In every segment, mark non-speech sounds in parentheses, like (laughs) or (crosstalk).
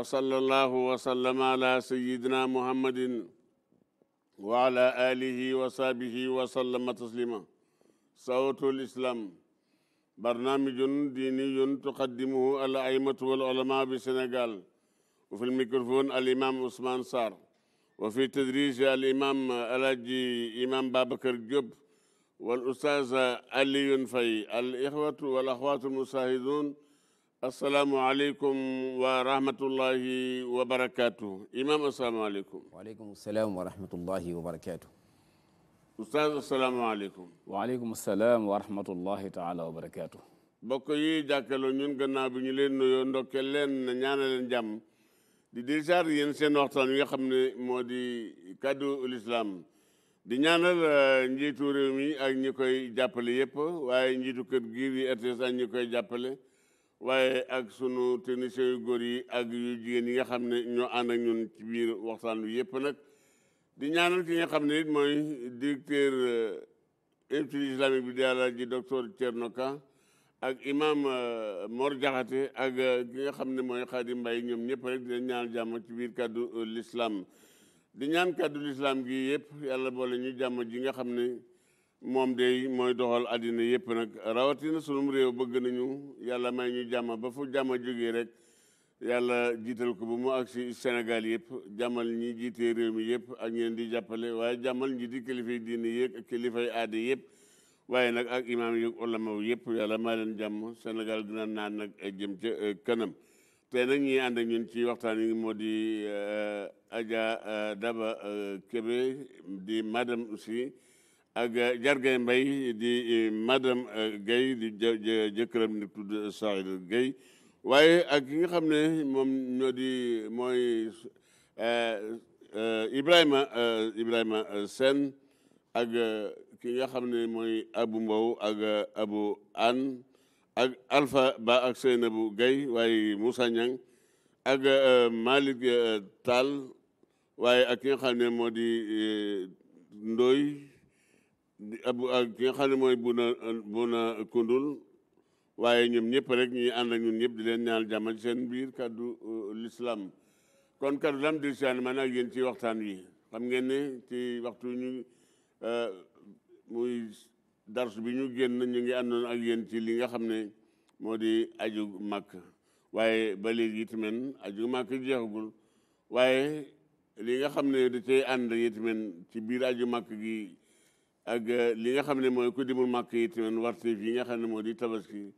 وصلى الله وسلم على سيدنا محمد وعلى آله وصحبه وسلم تسليما صوت الإسلام برنامج ديني تقدمه الأئمة والعلماء بالسنغال وفي الميكروفون الإمام عثمان صار وفي تدريس الإمام الأجي إمام بابكر جب والأستاذ علي فاي الإخوة والأخوات المشاهدون asalaamualeykum wa rahmatullahi wa barakaatu imaam asalaamualeykum. waaleykum salaam wa rahmatullahi wa barakaatu. ustaaz asalaamualeykum. waaleykum salaam wa rahmatullahi taala wa barakaatu. mbokk yi jàkkaarloo ñun gannaaw bi ñu leen nuyoo ndokkee leen ñaana leen jàmm di disaar yéen seen waxtaan yi nga xam ne moo di kàddu lislaam di ñaanal euh, njiitu réew mi ak ñi koy jàppale yëpp waaye njiitu kër gi di RTS ak ñi koy jàppale. waaye ak sunu techniciens yu góor yi ak yu jigéen yi nga xam ne ñoo ànd ak ñun ci biir waxtaan bi yëpp nag di ñaanal ki nga xam ne it mooy directeur euh, institut islamique bi di Alaaji docteur Thierno Ka ak imam euh, Mor Diakhaté ak euh, ki nga xam ne mooy Xaadim mbay ñoom ñëpp rek di ñaan jàmm ci biir kàddu l'islam di ñaan kàddu l'islam gi yëpp yàlla boole ñu jàmm ji nga xam ne moom de mooy doxal àddina yépp nag rawatina sunum réew bëgg nañu yàlla may ñu jàmm ba fu jàmm jóge rek yàlla jiital ko ba mu ak si Sénégal yëpp jàmmal ñi jiitee réew mi yëpp ak ñeen di jàppale waaye jàmmal ñi di kilifay diine yéeg ak kilifay aada yëpp waaye nag ak imaam yi ulama yëpp yàlla maa leen jàmm Sénégal dina naan nag jëm ca euh, kanam te nag ñi ànd ak ñun ci waxtaan yi moo di euh, Adja euh, Daba Kébé di madame aussi ak eh, Jargay Mbay di eh, madame eh, Guèye di jëkkëram ni tudd Saïd Guèye waaye ak ki nga xam ne moom ñoo di mooy Ibrahima Ibrahima ak ki nga xam ne Abu Mbow ak Abu Ann ak Alpha Ba ak Seynabu Guèye waaye Moussa Niang ak Malick Tall waaye ak ki nga xam ne moo di Ndoy ki nga xam ne mooy bu na bu na kundul waaye ñoom ñëpp rek ñuy ànd ak ñun ñëpp di leen ñaanal jàmm ci seen biir kaddu euh, l'islam kon kaddu lam di siyaani man ak yéen ci waxtaan wi xam ngeen ne ci waxtu ñu euh, bi ñu génn ñu ngi àndoon ak yéen ci li nga xam ne moo di aju màkk waaye ba léegi itamit aju màkk jeexagul waaye li nga xam ne di cay ànd itamit ci biir aju màkk gi ak euh, li nga xam ne mooy ku dimul màkk yi tamit warteef yi nga xam ne moo di tabaski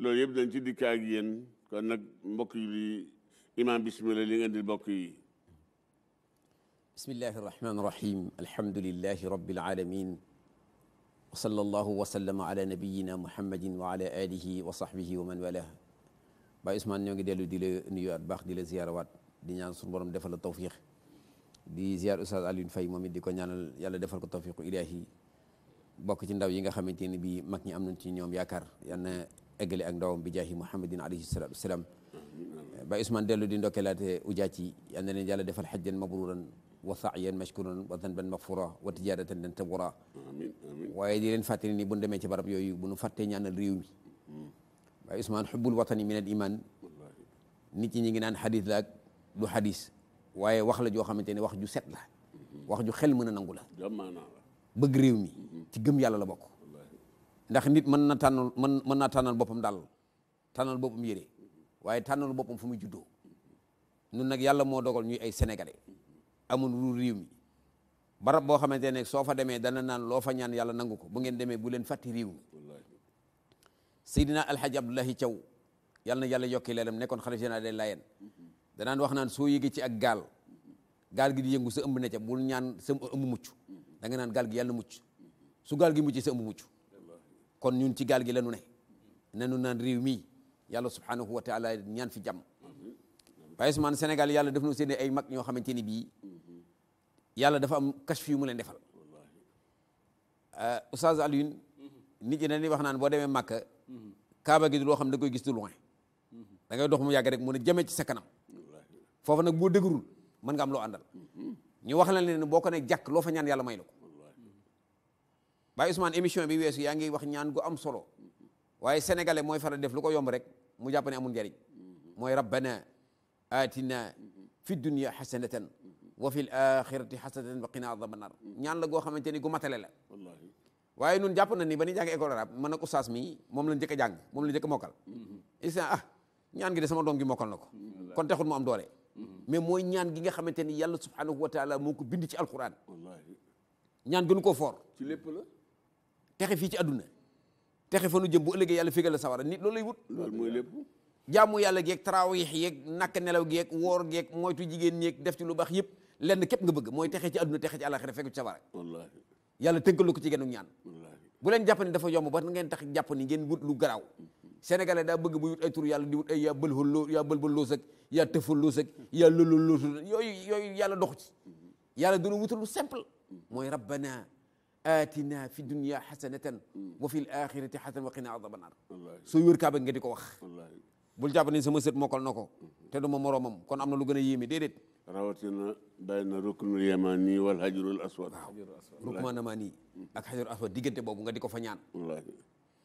loolu yëpp dañ ci dikk ak yéen kon nag mbokk yi li imaam bismillah li nga di mbokk yi bismillahi arrahmani irrahim alhamdulilahi rabbil alamin wa sallallahu wa sallama ala nabiyina muhammadin wa ala alihi wa sahbihi wa man walah Baay Usmaan ñoo ngi dellu di la nuyuwaat baax di la ziyaarawaat di ñaan suñu borom defal la tawfiq di ziyaar Oustaz Alioune Faye moom it di ko ñaanal yàlla defal ko tawfiqu ilaahi bokk ci ndaw yi nga xamante ne bi mag ñi am nañ ci ñoom yaakaar yal na eggale ak ndawam bi jaahi muhammadin alayhi salatu wasalaam ba Ousmane dellu di ndokkelaate ujaat yi yal na leen yàlla defal xajjan mabruran wa sa'yan mashkuran wa dhanban maghfura wa tijaratan lan tabura waaye di leen fàttali ni bu ñu demee ci barab yooyu bu ñu fàttee ñaanal réew mi mm. waaye Ousmane xubbul watani min al iman nit ñi ñi ngi naan xadis la ak du xadis waaye wax la joo xamante ne wax ju set la mm-hmm. wax ju xel mën a nangu la bëgg réew mi mhm. ci gëm yàlla la bokk ndax nit mën na tànnal mën mën naa tànnal boppam dàll tànnal boppam yére waaye tànnal boppam fu mu juddoo nun nag yàlla moo dogal ñu ay sénégalais amul lu réew mi barab boo xamante ne soo fa demee dana naan loo fa ñaan yàlla nangu ko bu ngeen demee bu leen fàtti réew mi Seydina Alhaji Abdoulahi Thiaw yàlla yàlla yokki leeram nekkoon xalifa général des Layènes danaan wax naan soo yéegee ci ak gaal gaal gi di yëngu sa ëmb ne ca bul ñaan sa ëmb mucc danga naan gaal gi yàlla mucc su gaal gi mucc sa ëmb mucc kon ñun ci gaal gi la nu ne nanu naan réew mii yàlla subhanahu wa taala ñaan fi jam waaye man senegal yàlla def na seen ay mag ñoo xamante ni bii yàlla dafa am kashf yu mu leen defal euh, Oustaz Alioune nit ñi dañuy wax naan boo demee Màkka kaaba gi loo xam da koy gis du loin da ngay dox mu yàgg rek mu ne jëmee ci sa kanam foofu nag boo dëgërul mën nga am loo àndal ñu wax la leen boo ko ne jàkk loo fa ñaan yàlla may la ko Baye Ousmane bi weesu yaa ngi wax ñaan gu am solo waaye sénégalais mooy faral def lu ko yomb rek mu jàpp ne amul njariñ mooy rabbana atina fi dunya xasanatan wa fi l axirati xasanatan wa qina adaba nar ñaan la goo xamante ni gu matale la waaye nun jàpp na ni ba ni jàng école arabe man ak oustaz mi moom la njëkk a jàng moom la njëkk a mokkal mm-hmm. instant ah ñaan gi de sama doom gi mokkal na ko mm-hmm. kon taxul mu am doole mais mooy ñaan gi nga xamante ni yàlla subhanahu wa taala moo ko bind ci alquran ñaan gënu koo foor ci lépp la texe fii ci àdduna texe fa nu jëm bu ëllëgee yàlla fégal la sawara nit loolu lay wut loolu yàlla geeg taraawix yeeg nakk nelaw geeg woor geeg moytu jigéen ñeeg def ci lu baax yëpp lenn képp nga bëgg mooy texe ci àdduna texe ci àlaxira fekku ci sawara yàlla tënkal ko ci genu ñaan bu leen jàpp ne dafa yomb ba ngeen tax jàpp ni ngeen wut lu garaaw sénégalais daa bëgg bu wut ay tur yàlla di wut ay yaa bëlxalloo yaa bëlballoos ak yaa tëfalloos ak yaa lëlaloos yooyu yooyu yàlla dox ci yàlla duna wutal lu simple mooy rabbana atina fi dunya xasanatan wa fi l axirati xasanatan wa qina adaba naar sooy wër kaaba nga di ko wax bul jàpp ne sama sët mokkal na ko te du ma moroomam kon am na lu gën a yéeme rawatina bàyyi na ruknul yamani wal hajarul aswad waaw ruknul yamani ak hajarul aswad diggante boobu nga di ko fa ñaan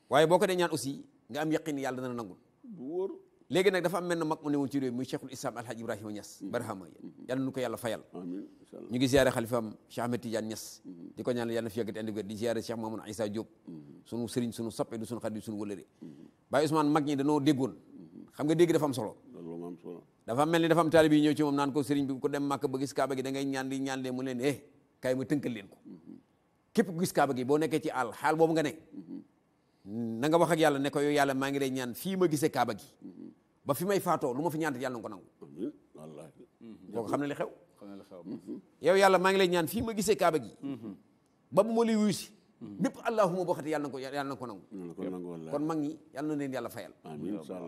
waaye boo ko dee ñaan aussi nga am yaqin yàlla dana nangul bu léegi nag dafa am mel na mag mu ne woon ci réew muy cheikhul islam alhaji ibrahima ñas mm-hmm. barahama yàlla nu ko yàlla fayal ñu ngi ziare xalifaam cheikh ahmed tidiane ñas mm-hmm. di ko yalla yàlla di fi yàggati andi wér di ziare cheikh mamoun isa diop mm-hmm. sunu sëriñ sunu soppe du sunu xarit du sunu wëlëre bàyyi ousmane mag ñi danoo déggoon xam nga dégg dafa am solo dafa mel ni dafa am taalib yi ñëw ci moom naan ko sëriñ bi ko dem màkk ba gis kaaba gi da ñaan di ñaan lee mu leen eh kaay ma tënkal leen ko képp gis kaaba gi boo nekkee ci àll xaal boobu nga ne na nga wax yàlla ne ko yàlla maa ngi lay ñaan fii ma gisee kaaba gi ba fi may faatoo lu ma fi ñaante yàlla ko nangu wallaahi xam ne li xew yow yàlla maa ngi lay ñaan fii ma gisee kaaba gi ba bu ma lay wuyu si bépp allahuma boo xati yàlla na ko yàlla na ko nangu kon mag ñi yàlla na leen yàlla fayal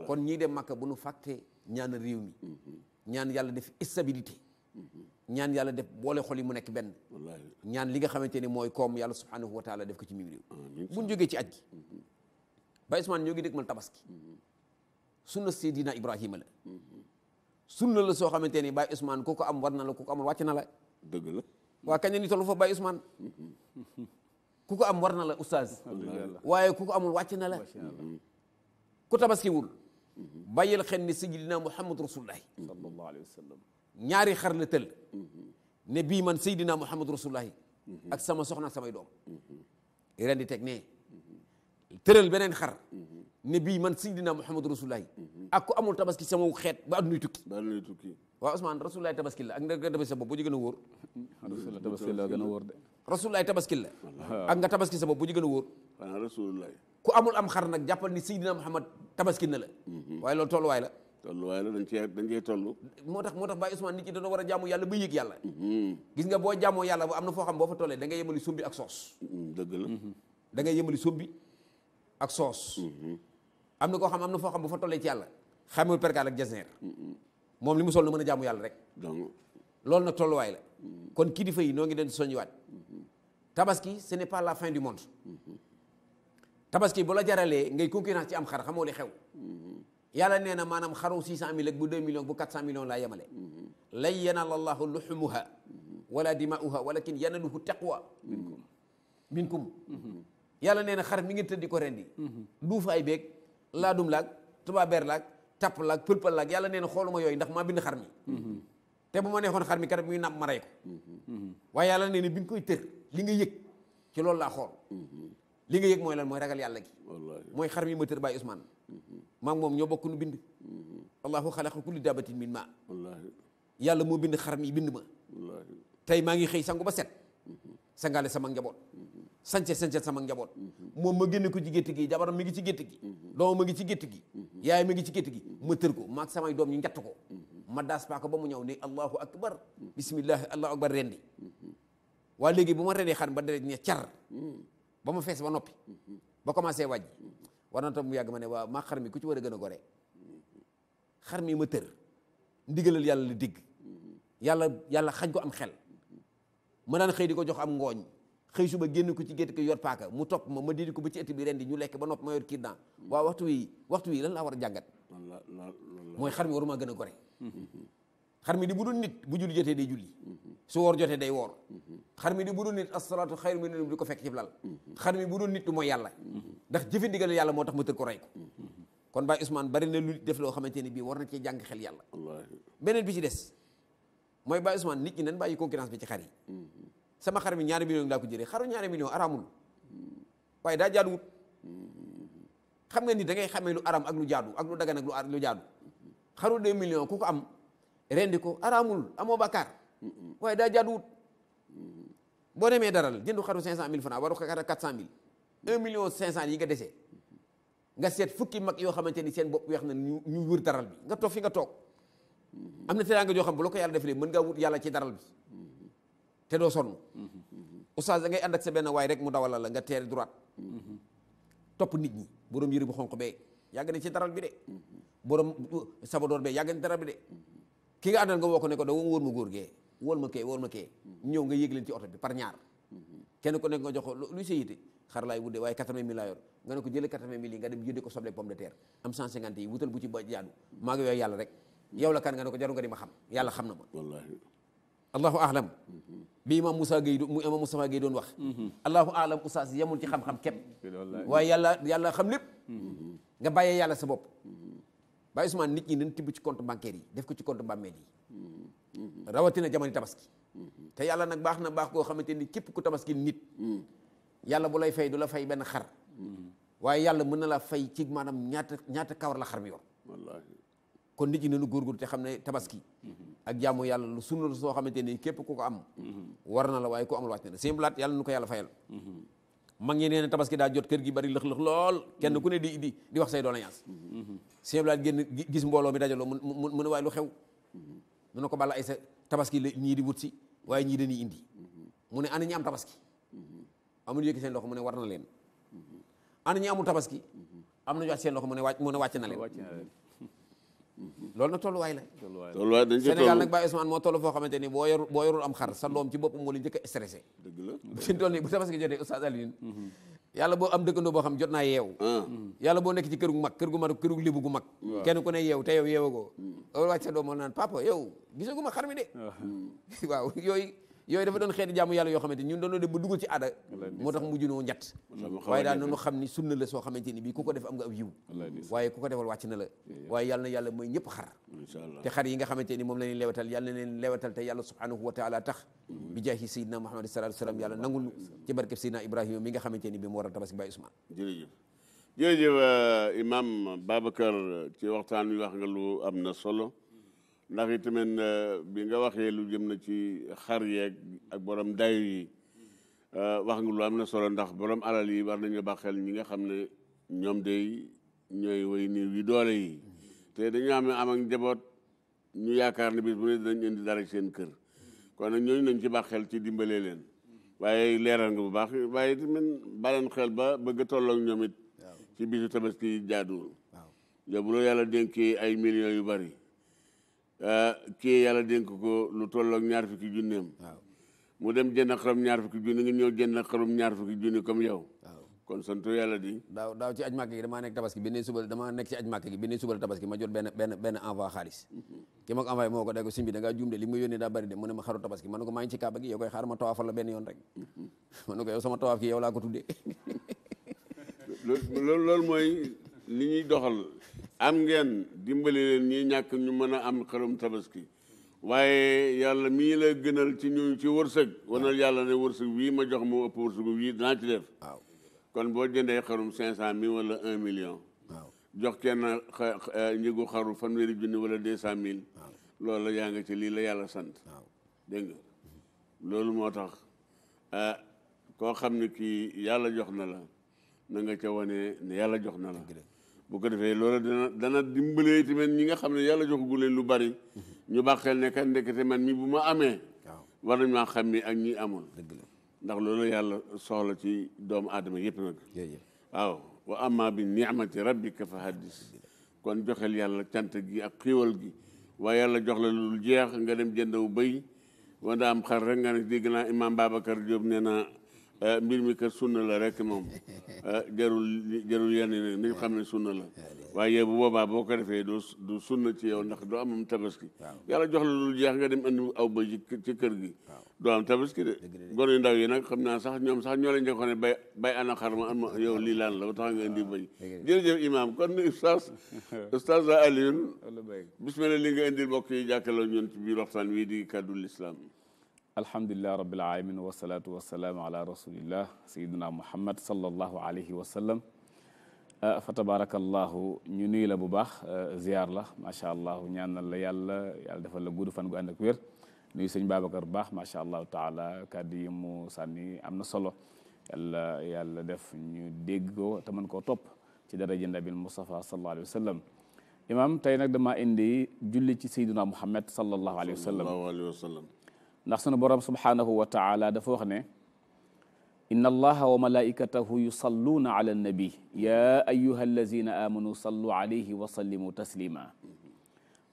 kon ñii dem màkka bu nu fàtte ñaan réew mi ñaan yàlla def stabilité ñaan yàlla def boole xol yi mu nekk benn ñaan li nga xamante ni mooy koom yàlla subhanahu wa taala def ko ci mim réew buñ jógee ci aj gi ba Ousmane ñoo ngi dégg mal tabaski sunna Seydina Ibrahima la sunna la soo xamante ni Baye Ousmane ku ko am war na la ko amul wàcc na la dëgg la waa fa Baye Ousmane ko am war na la oustaz waaye ku ko amul wàcc na la ku tabaskiwul bàyyil xel ni Seydina Muhammad Rasulullah wasallam ñaari xar la tëll ne bii man Seydina Muhammad Rasulullahi ak sama soxna ak samay doom ren di teg ne tëral beneen xar ne bii man Seydina Muhammad Rasulullahi ak ku amul tabaski sama xeet ba adunay tukki ba adunay tukki waaw Ousmane Rasulullahi tabaski la ak nga tabaski sa bopp bu ñu gën a wóor Rasulullahi tabaski la gën la ak nga tabaski sa bopp bu ñu gën a wóor ku amul am xar nag jàppal ni Seydina Muhammad tabaski na la mhm. waaye loolu tolluwaay la tolluwaay la dañ cee dañ cee toll moo tax moo tax Baye Ousmane nit ñi dañoo war a jaamu yàlla ba yëg yàlla mm-hmm. gis nga boo jaamoo yàlla bu am na foo xam boo fa tollee da nga yemali sumbi ak soos mm-hmm, dëgg la mm-hmm. ak soos am na koo xam am na foo xam bu fa tollee ci yàlla xamul perkaal ak jasneer moom li mu sol na mën a jàmm yàlla rek loolu na tolluwaay la kon kilifa yi noo ngi leen soññiwaat tabaski ce n'est pas la fin du monde tabaski bu la jaralee ngay concurrence ci am xar xamoo li xew yàlla nee na maanaam xaru 600000 ak bu 2 millions bu 400 millions laa yemale lan yanaala llaahu luhumuha wala dimaauha walakin yanaluhu taqwa minkum yàlla nee xar mi ngeen tëddi ko rendi duufaay beeg laadum laag tubaabeer laag tapp laag pëlpal laag yàlla nee na xooluma yooyu ndax maa bind xar mi te bu ma neexoon xar mi kat muy napp ma rey ko waaye yàlla nee na bi nga koy tër li nga yëg ci loolu laa xool li nga yëg mooy lan mooy ragal yàlla gi mooy xar mi ma tër bàyyi Ousmane maa ngi moom ñoo bokk nu bind allahu xalaqa kulli dabatin min ma yàlla moo bind xaram yi bind ma tey maa ngi xëy sangu ba set sangaale sama njaboot sance sance sama njaboot moom ma génne ko ci gétt gi jabaram mi ngi ci gétt gi doomam ma ngi ci gétt gi yaay mi ngi ci gétt gi ma tër ko maag samay doom ñu njatt ko ma daas paaka ba mu ñëw ne allahu akbar bismillahi allahu akbar rendi waa léegi bu ma rendee xaram ba deret ne car ba mu fees ba noppi ba commencé wàjji war na yàgg ma ne waa maa xar mi ku ci war a gën a gore xar mi ma tër ndigalal yàlla la digg yàlla yàlla xañ ko am xel ma daan xëy di ko jox am ngooñ xëy suba génn ko ci gétt ko yor paaka mu topp ma ma didi ko ba ci bi ren di ñu lekk ba nopp ma kii daan waaw waxtu wi waxtu wi lan laa war a jàngat mooy xar mi waruma gën a gore xar mi di bu doon nit bu julli jotee day julli su woor jotee day woor xar mi di bu doon nit asalaatu xayru min di ko fekk ci lal xar mi bu doon nit mooy yàlla ndax jëfe yàlla moo tax mu tër ko rey ko kon Baye Ousmane bari na lu def loo xamante ne bii war na cee jàng xel yàlla beneen bi ci des mooy Baye Ousmane nit ñi nañ bàyyi concurrence bi ci xar yi sama xar mi ñaari million laa ko jëlee xaru ñaari million araamul waaye daa jaaduwut xam nga ni da ngay xamee lu aram ak lu jaadu ak lu dagan ak lu jaadu xaru deux millions ku ko am rendi ko araamul amoo bàkkaar waaye daa jaaduwut boo demee daral jëndu xaru cinq cent mille francs waru ko xaru cent mille un million cinq cent yi nga dese nga seet fukki mag yoo xamante ni seen bopp weex na ñu ñu wër daral bi nga toog fi nga toog am na teraanga joo xam bu la ko yàlla defalee mën ngaa wut yàlla ci daral bi te doo sonn oustaz da ngay ànd ak sa benn waay rek mu dawala la nga teer droite topp nit ñi borom yëre bu xonq bee yàgg na ci daral bi de borom sabadoor bee yàgg na ci bi de ki nga àndal nga woo ko ne ko doo wóor ma góor gee wóor ma kee wóor ma kee ñëw nga ci oto bi par ñaar kenn ku nekk nga jox ko luy sa yite xar laay wudde waaye 80 mille laa yor nga yi nga dem ko soble pomme de yi la kan nga ne ko jaru nga di ma xam yàlla xam na ma wallaahi allahu aalam bi imam Moussa Gueye mu imam Moustapha Gueye doon wax allahu aalam oustaz yemul ci xam-xam képp waaye yàlla yàlla sa bopp Baye Ousmane nit ñi dañ tibb ci yi def ko ci compte bàmmeel yi rawatina jamono tabaski te yàlla nag baax na baax koo xamante ni képp ku tabaski nit yàlla bu lay fay du la fay benn xar mm-hmm. waaye yàlla mën na la fay ci maanaam ñaata ñaata kawar la xar mi yor wallaahi kon nit ñi nañu góorgóorlu te xam ne tabaski mm-hmm. ak jaamu yàlla lu sunna soo xamante ni képp ku ko am mm-hmm. war na la waaye ku amul wàcc na la seen blaat yàlla nu ko yàlla fayal mag ñi nee na tabaski daa jot kër gi bari lëx-lëx lool kenn ku ne di di di wax say doléance seen blaat génn gis mbooloo mi dajaloo mu mu ne waaye lu xew mu ne ko bala ay sa tabaski la ñii di wut si waaye ñii dañuy indi mu ne ana ñi tabaski amuñu yëkki seen loxo mu ne war na leen ana ñi amul tabaski am nañu wàcc seen loxo mu ne wàcc mu ne wàcc na leen loolu nag tolluwaay la tolluwaay dañ Sénégal nag Baye Ousmane moo toll foo xamante ni boo yorul boo yorul am xar sa doom ci boppam moo li njëkk a stressé dëgg la ci toll nii bu tabaski jotee Oustaz Alioune mhm. yàlla boo am dëkkandoo boo xam jot naa yeew ah. yàlla boo nekk ci kër gu mag kër gu mag kër gu libu gu mag kenn ku ne yeew te yow yeewagoo mm. loolu wàcc sa doom moo naan papa yow gisaguma xar mi de ah. (laughs) waaw yooyu yooyu dafa doon xeeti jaamu yàlla yoo xamante ñun doonoo dem ba dugg ci aada moo tax mujj noo ñett waaye daal noonu xam ni sunna la soo xamante ni bii ko def am nga ab yiw waaye ku ko defal wàcc la waaye yàlla na mooy ñëpp xar te xar yi nga xamante ni moom la ñuy lewatal yàlla na leen lewatal te yàlla subhanahu wa taala tax mm-hmm. bi jaahi sayidina muhammad sallallahu alayhi wasallam yàlla nangul ci barkeb sayidina ibrahima mi nga xamante ni bi mu war a tabaski baay usmaan jërëjëf jërëjëf euh, imam babacar ci waxtaan wi wax nga lu am na solo ndax itamit euh, bi nga waxee lu jëm na ci xar yeeg ak borom dayu yi euh, wax nga lu am na solo ndax borom alal yi war nañu baax xel ñi nga xam ne ñoom day ñooy way niiw yi doole yi te dañu am am ak njaboot ñu yaakaar ne bis bu ne dinañ indi dara seen kër kon nag ñooñu nañ ci baax xel ci dimbalee leen waaye leeral nga bu baax waaye itamit baleen xel ba bëgg tollook ñoom it ci bisu tabaski jaaduwul yow bu loo yàlla dénkee ay millions yu bari Eh, kii yàlla dénk ko lu tolloog ñaar fukki junneem mu dem jënd xarum ñaar fukki junni nga ñëw jënd xarum ñaar fukki yàlla di daaw daaw ci aj màkk gi damaa nekk tabaski bi ne suba damaa nekk tabaski ma jot benn benn benn envoi xaalis mhm. ki ma ko envoyé moo ko day ko simbi da ngaa li mu yónnee daa bëri de mu ne ma xaru tabaski ma ne ko maa ngi ci kaaba gi yow koy xaar ma tawaafal la benn yoon rek mhm. (laughs) ma ne ko yow sama tawaaf ki yow laa ko tuddee (laughs) loolu mooy li ñuy doxal am ngeen dimbali leen ñi ñàkk ñu mën a am xarum tabaski waaye yàlla mii la gënal ci ñu ci wërsëg wanal yàlla ne wërsëg wii ma jox moo ëpp wërsëg wii danaa ci def kon boo jëndee xarum cinq cent mille wala un million jox kenn eh, njëgu xaru fanweeri junni wala deux cent mille loolu la yaa nga ci lii la yàlla sant dégg loolu moo tax eh, koo xam ne kii yàlla jox na la na nga ca wane yàlla jox na la bu ko defee loolu dana dana dimbalee tamit ñi nga xam ne yàlla joxagu leen lu bari ñu bàqeel ne kat ndekete man mi bu ma amee war nañ maa xam mi ak ñi amul ndax loolu yàlla soxla ci doomu aadama yëpp nag waaw wa amma bi ni'mati rabbika fa haddis kon joxel yàlla cant gi ak xiiwal gi waaye yàlla jox la lu jeex nga dem jëndaw bëy wanda am xar rek nga ne dégg naa imam Babacar Diop nee na Eh, mbir mi kër sunna la rek moom (laughs) eh, jarul jarul yenn ni nañu xam ne sunna la waaye bu boobaa boo ko defee doo du sunna ci yow ndax doo amam tabaski yàlla jox la lu jeex nga dem andi aw ba ci kër gi doo am tabaski de gone yu ndaw yi nag xam naa sax ñoom sax ñoo leen xam ne bay bay ana xar ma am yow lii laan la ba tax nga indi bay jërëjëf imam kon (laughs) ustaas (laughs) ustaas Alioune bismillah li nga indi mbokk yi jàkkaloo ñun ci biir wii di kaddu l'islam alhamdulilah rabil alamin wasalaatu wasalaamu ala rasulillah sayiduna uh, ñu nuyu la bu baax uh, ziar la macha allah ñaanal la yàlla yàlla defal la gudd fan gu ànd ak wér nuyu sëñ Babacar bu baax macha allahu taala kàddu yi mu sànni am na solo yàlla yàlla def ñu dégg ko te mën koo topp ci daraja nabil Mustafa sallallahu alayhi wa sallam imaam tey nag dama indi julli ci sayiduna muhammad sallallahu alayhi wa sallam ndax sunu borom subhanahu wa taala dafa wax ne inna allaha wa malaikatahu yusalluuna ala annabi ya ayuha allazina amanu sallu alayhi wa sallimu taslima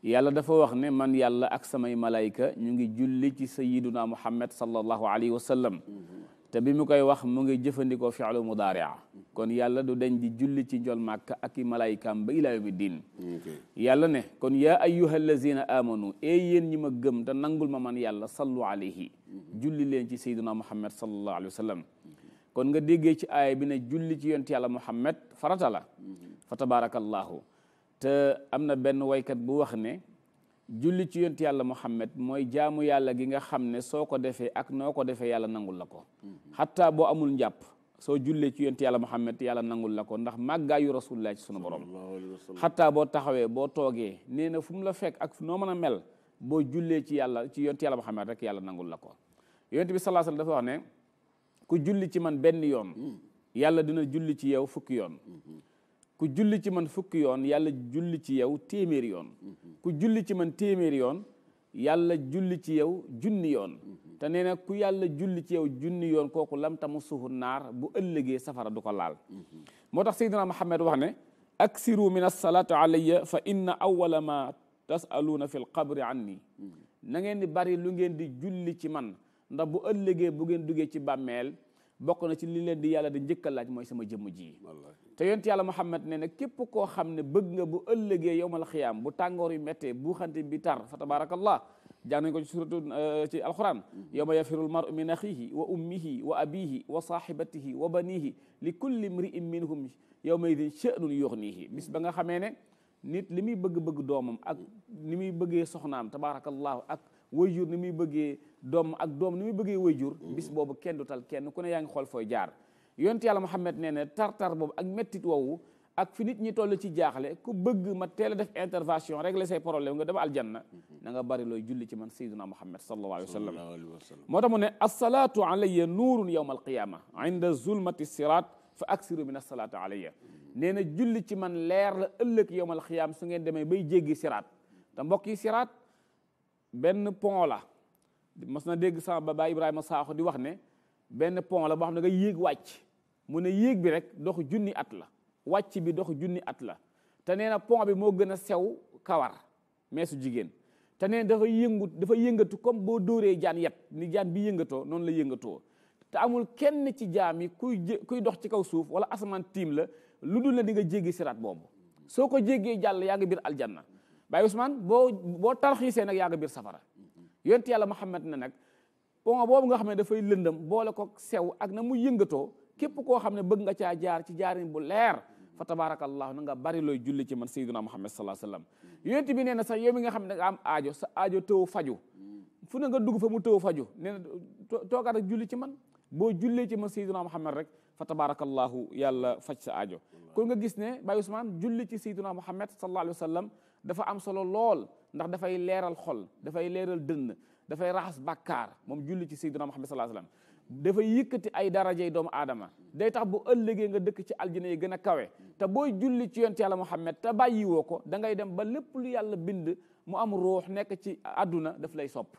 yàlla dafa wax ne man yàlla ak samay malaayika ñu ngi julli ci sayiduna muhammad sallallahu alayhi wa sallam te bi mu koy wax mu ngi jëfandikoo fi'lu mudaari'a kon yàlla du dañ julli ci njol màkk ak i malaayikaam ba ilaa yawmi diin yàlla ne kon ya ayyuha allazina amanu e yéen ñi ma gëm te nangul ma man yàlla sallu alayhi julli leen ci sayyidina muhammad sallallahu alayhi wa kon nga déggee ci aaya bi na julli ci yonent yàlla muhammad farata la mhm. fa tabaarakallahu te am na benn waykat bu wax ne julli ci yonent yàlla Muhammad mooy jaamu yàlla gi nga xam ne soo ko defee ak noo ko defee yàlla nangul la ko xatta mm-hmm. boo amul njàpp soo jullee ci yonent yàlla Muhammad yàlla nangul la ko ndax màggaayu rasulullah ci sunu borom xatta boo taxawee boo toogee nee na fu mu la fekk ak noo mën a mel boo jullee ci yàlla ci yonent yàlla Muhammad rek yàlla nangul la ko yonent bi sallallahu alayhi wax ne ku julli ci man benn yoon mm-hmm. yàlla dina julli ci yow fukki yoon mm-hmm. ku julli ci man fukk yoon yàlla julli ci yow téeméeri yoon mm-hmm. ku julli ci man téeméeri yoon yàlla julli ci yow junni yoon mm-hmm. te nee na ku yàlla julli ci yow junni yoon kooku lam tamu suhu naar bu ëllëgee safara du ko laal mm-hmm. moo tax seydina Muhammad wax ne aksiru min asalaatu alayya fa inna awala ma tasaluuna fi lqabri anni na ngeen di bari lu ngeen di julli ci man ndax bu ëllëgee bu ngeen duggee ci bàmmeel bokk na ci li leen di yàlla di njëkk laaj mooy sama jëmm ji te yonent yàlla Muhammad ne ne képp koo xam ne bëgg nga bu ëllëgee yowmal xiyaam bu tàngoor yu méttee bu xante bi tar fa tabarakallah jàng nañ ko ci suratu euh, ci alquran yowma yafirul maru min axihi wa ummihi wa abihi wa sahibatihi wa banihi li kulli mri'in minhum yowma idin sha'nun yuxnihi bis ba nga xamee ne nit li muy bëgg-bëgg doomam ak nu muy bëggee soxnaam tabarakallahu ak wayjur ni muy bëggee doom ak doom nu muy bëggee wayjur bis boobu kenn du tal kenn ku ne yaa ngi xool fooy jaar yonent yàlla Muhammad nee na tartar boobu ak mettit woowu ak fi nit ñi toll ci jaaxle ku bëgg ma teel a def intervention régler say problème nga dama aljanna mhm. na nga bari looy julli ci man sayyiduna Muhammad sallallahu alayhi wa sallam moo tax mu ne assalaatu alayya nuurun yawma alqiyama inda zulmati sirat fa aksiru min assalaatu alayya nee na julli ci man leer la ëllëg yawma alqiyama su ngeen demee bay jéggi siraat te mbokk yi siraat benn pont la mos na dégg sama baba Ibrahima Sakho di wax ne benn pont la boo xam ne nga yéeg wàcc mu ne yéeg bi rek dox junni at la wàcc bi dox junni at la te nee na pont bi moo gën a sew kawar meesu jigéen te nee dafa yëngu dafa yëngatu comme boo dóoree jaan yet ni jaan bi yëngatoo noonu la yëngatoo te amul kenn ci jaam yi kuy kuy dox ci kaw suuf wala asamaan tiim la lu dul na di nga jéggi siraat boobu soo ko jéggee jàll yaa ngi biir aljanna Baye Ousmane boo boo tarxiisee nag yaa ngi biir safara yonent yàlla Muhammad ne nag pont boobu nga xam ne dafay lëndëm boole ko sew ak na mu yëngatoo képp koo xam ne bëgg nga caa jaar ci jaarin bu leer fa tabarakallahu na nga bari looy julli ci man sayyidina muhammad sallallahu alayhi wasallam yonent bi nee na sax yow mi nga xam am aajo sa ajo tëw faju fu ne nga dugg fa mu tëw faju nee na toogaat ak julli ci man boo jullee ci man sayyidina muhammad rek fa tabarakallahu yàlla faj sa aajo kon nga gis ne Baye Ousmane julli ci sayyidina muhammad sallallahu alayhi wasallam dafa am solo lool ndax dafay leeral xol dafay leeral dënn dafay raxas bàkkaar moom julli ci sayyidina muhammad sa alayhi wasallam dafa yëkkati ay darajey doomu aadama day tax bu ëllëgee nga dëkk ci aljina yi gën a kawe te booy julli ci yonent yàlla Muhammad te bàyyi woo ko da dem ba lépp lu yàlla bind mu am ruux nekk ci àdduna daf lay sopp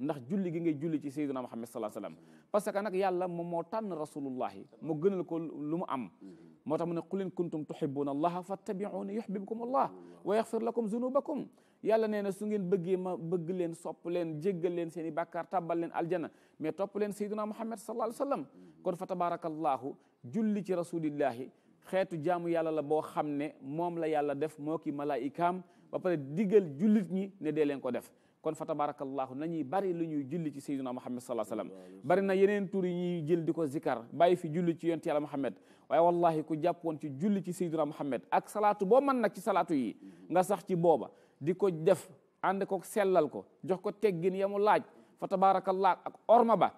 ndax julli gi ngay julli ci sayyidina Muhammad sallallahu alayhi wasallam parce que nag yàlla moom moo tànn rasulullahi mu gënal ko lu mu am mm-hmm. moo tax mu ne qul in kuntum tuhibbuna allaha fattabi'uni yuhibbukum allah wa yaghfir lakum dhunubakum yàlla nee na su ngeen bëggee ma bëgg leen sopp leen jéggal leen seen i bàkkaar tàbbal leen aljana mais topp leen sayduna muhammad sallallahu alayhi wa sallam kon fa tabarakallahu julli ci rasulillahi xeetu jaamu yàlla la boo xam ne moom la yàlla def moo ki malaayikaam ba pare digal jullit ñi ne dee leen ko def kon fa tabarakallahu nañuy bari lu ñuy julli ci sayyidina muhammad sallallahu alayhi wasallam bari na yeneen tur yi ñuy jël di ko zikar bàyyi fi julli ci yonent yàlla muhammad waaye wallahi ku jàpp woon ci julli ci sayyidina muhammad ak salaatu boo man nag ci salaatu yi nga sax ci booba di ko def ànd ko sellal ko jox ko teggin yamu mu laaj fa tabaarakallah ak orma ba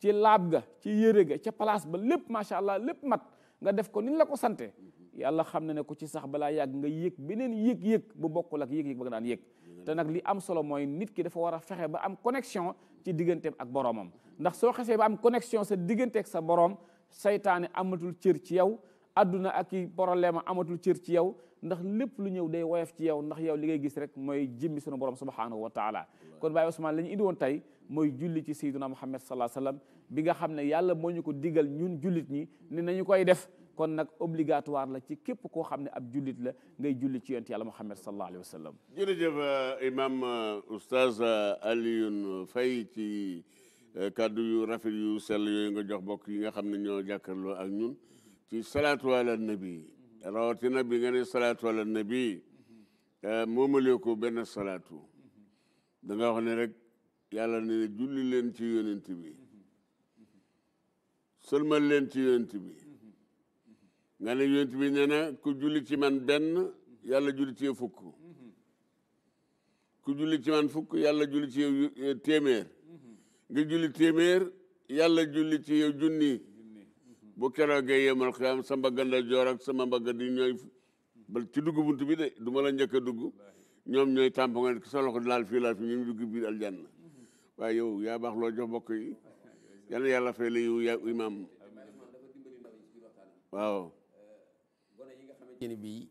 ci laab ga ci yére ga ca palace ba lépp macha allah lépp mat nga def ko ni la ko sante yàlla xam na ne ko ci sax balaa yàgg nga yëg beneen yëg-yëg bu bokkul ak yëg-yëg ba nga daan yëg te nag li am solo mooy nit ki dafa war a fexe ba am connexion ci digganteem ak boroomam ndax soo xesee ba am connexion sa digganteeg sa borom seytaane amatul cër ci yow adduna ak i problème amatul cër ci yow ndax lépp lu ñëw day woyof ci yow ndax yow li ngay gis rek mooy jëmmi sunu borom subhanahu wa taala kon Baye Ousmane la ñu indi woon tey mooy julli ci sayyiduna Muhammad sallallahu alayhi wasallam bi nga xam ne yàlla moo ñu ko diggal ñun jullit ñi ne nañu koy def kon nag obligatoire la ci képp koo xam ne ab jullit la ngay julli ci yonent yàlla Muhammad sallallahu alayhi wasallam jërëjëf euh, imam euh, oustaz euh, Alioune Faye ci kàddu yu rafet yu sell yooyu nga jox bokk yi nga xam ne ñoo jàkkaarloo ak ñun ci salaatu ala rawatina bi nga ne salaatu ala nabi moomalee ko benn salaatu da nga rek yàlla ne julli leen ci yonent bi sëlmal leen ci yonent bi nga ne yonent bi nee ku julli ci man benn yàlla julli ci fukk ku julli ci man fukk yàlla julli ci yow téeméer nga julli téeméer yàlla julli ci yow junni boo keroogee yemal xiyaam sa mbagg ndeyjoor ak sama mbagg di ñooy ci dugg bunt bi de du ma la njëkk dugg ñoom ñooy tàmpa nga sa loxo laal fii laal fii ñu dugg biir aljanna waaye yaa baax loo jox bokk yi yàlla fay la yow yaa ni bii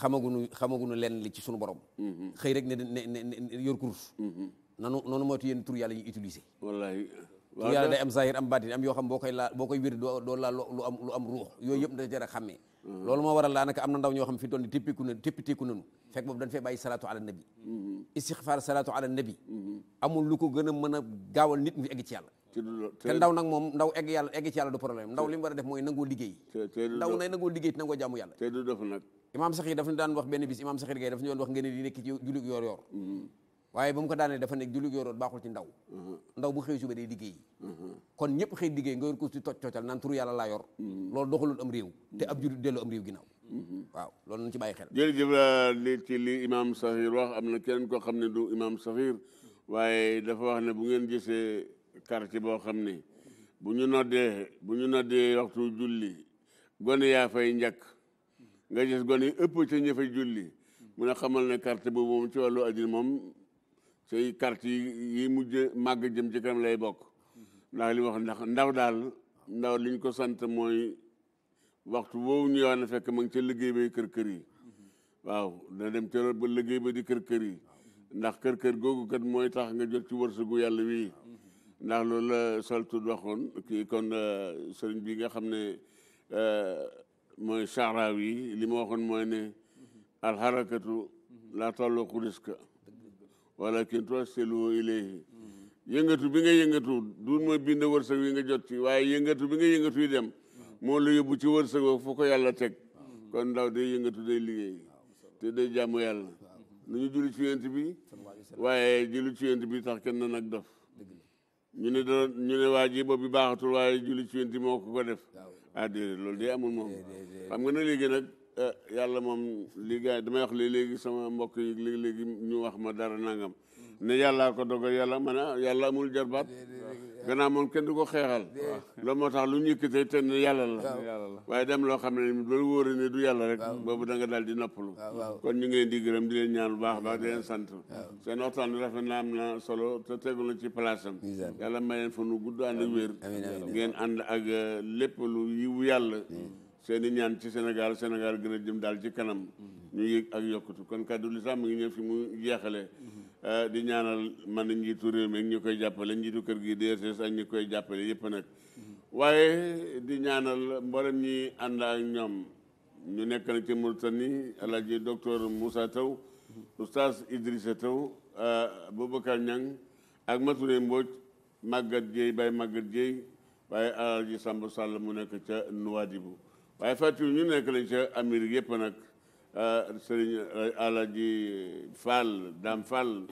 xamaguñu xamaguñu lenn li ci suñu borom mm-hmm. xëy rek ne ne yor kurus mm-hmm. nanu noonu moytu yéen tur yàlla ñu utiliser waaw yalla day am zahir am baatin am yoo xam boo koy laa boo koy wér doo doo laal lu am ruux yooyu yëpp da jar a xàmmee mm-hmm. loolu moo waral daanaka am na ndaw ñoo xam fi toll ni tippiku nañu tippitiku nañu fekk boobu dañ fee bàyyi salaatu ala nabi mm-hmm. istixfaar salaatu ala nabi mm-hmm. amul lu ko gën a mën a gaawal nit ñu egg ci yàlla te ndaw nag moom ndaw egg yàlla egg ci yàlla du problème ndaw li mu a def mooy nangoo liggéey ndaw na nangoo liggéey te nangoo jaamu yàlla te du def nag imaam saxir daf ñu daan wax benn bis waaye ba mu ko daanee dafa nekk julli yoroon baaxul ci ndaw mm-hmm. ndaw bu xëy suba day liggéey mm-hmm. kon ñëpp xëy liggéey nga yor ko ci toj toccal naan turu yàlla laa yor mm-hmm. loolu doxalul am réew te ab jullit delloo am réew waaw loolu ci bàyyi xel jërëjëf la euh, li ci imam Saxiir am na keneen koo xam ne du imam Saxiir waaye dafa wax ne bu ngeen gisee quartier boo xam ne bu ñu noddee bu ñu noddee waxtu julli gone yaa fay njëkk nga gis gone yi ëpp ca ña julli mun a xamal ne quartier boobu moom ci wàllu ajir moom say kart yi yi mujj màgg jëm ci kanam lay bokk ndax li wax ndax ndaw daal ndaw liñ ko sant mooy waxtu woowu ñu yoon fekk ma ngi ca liggéey bay kër kër yi waaw da dem ca ba liggéey ba di kër kër yi ndax kër kër googu kat mooy tax nga jot ci wërsëgu yàlla wii ndax loolu la waxoon kii kon euh, sëriñ bi nga xam ne euh, mooy saaraaw yi li ma waxoon mooy ne alxarakatu la tollo ku walakin tuwasilu ilayhi yëngatu bi nga yëngatu du ma bind wërsëg wi nga jot ci waaye yëngatu bi nga yëngatu yi dem moo la yóbbu ci wërsëg wa foo ko yàlla teg kon ndaw day yëngatu day liggéey te jàmm yàlla nu ñu ci yent bi waaye julli ci yent bi tax kenn na nag dof ñu ne da ñu waa ji boobu baaxatul waaye julli ci yent bi moo ko ko def ah déedéet loolu day amul moom xam nga na léegi nag Eh, yàlla moom li gars yi damay wax léegi sama mbokk yi léegi ñu wax ma dara nangam. Mm. ne yàlla ko dogal yàlla ma ne ah, yàlla amul jarbaat. gannaaw moom kenn du ko xeexal. loolu moo tax lu ñu yëkkatee te ne yàlla la. waaye dem loo xam ne loolu wóor ne du yàlla rek. boobu bu nga daal di noppalu. kon ñu ngi leen di gërëm di leen ñaan bu baax baax di leen sant. seen waxtaan bi rafet naa am na solo te tegu na ci place am. yàlla may leen fa nu gudd ànd ak ngeen ànd ak eh, lépp lu yiwu yàlla. Mm. seeni ñaan ci Sénégal Sénégal gën a jëm daal ci kanam ñu yëg ak yokkutu kon kàddu lislaam sàmm ngi ñëw fi mu jeexale euh, di ñaanal man njiitu réew mi ak ñu koy jàppale njiitu kër gi DRCS ak ñu koy jàppale yëpp nag waaye di ñaanal mboolem ñi ànd ak ñoom ñu nekk nag ci Mauritanie alaaji docteur Moussa Taw oustaz Idrissa Taw euh, Boubacar Niang ak Maturé Mbodj Maguette Dieye Baye Maguette Dieye waaye alaaji Samba Sall mu nekk ca Nouadhibou waaye fàttali ñu nekk lañ ca Amérique yëpp nag euh, sëriñ euh, Alaji Fall Dame Fall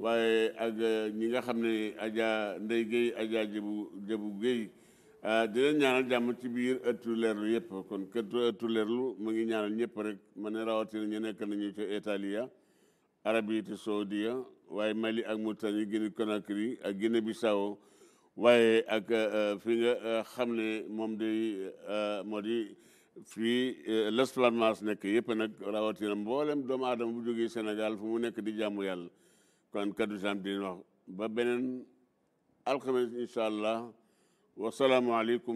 waaye ak euh, ñi nga xam ne Adja Ndey Guèye Adja Jabu Jabu Guèye di ñaanal jàmm ci biir ëttu leerlu yëpp kon këttu ëttu leerlu mu ngi ñaanal ñëpp rek ma ne rawatina ñu nekk nañu ca Italia Arabie Saoudia waaye Mali ak Mauritanie Guinée Conakry ak Guinée Bissau waaye ak fi nga xam ne moom day moo di fii eh, l'esplanade Mass nekk yëpp nag rawatina mboolem doomu aadama bu jógee Sénégal fu mu nekk di jàmm yàlla kon kaddu sam di wax ba beneen alxames incha allah wa salaamu aleykum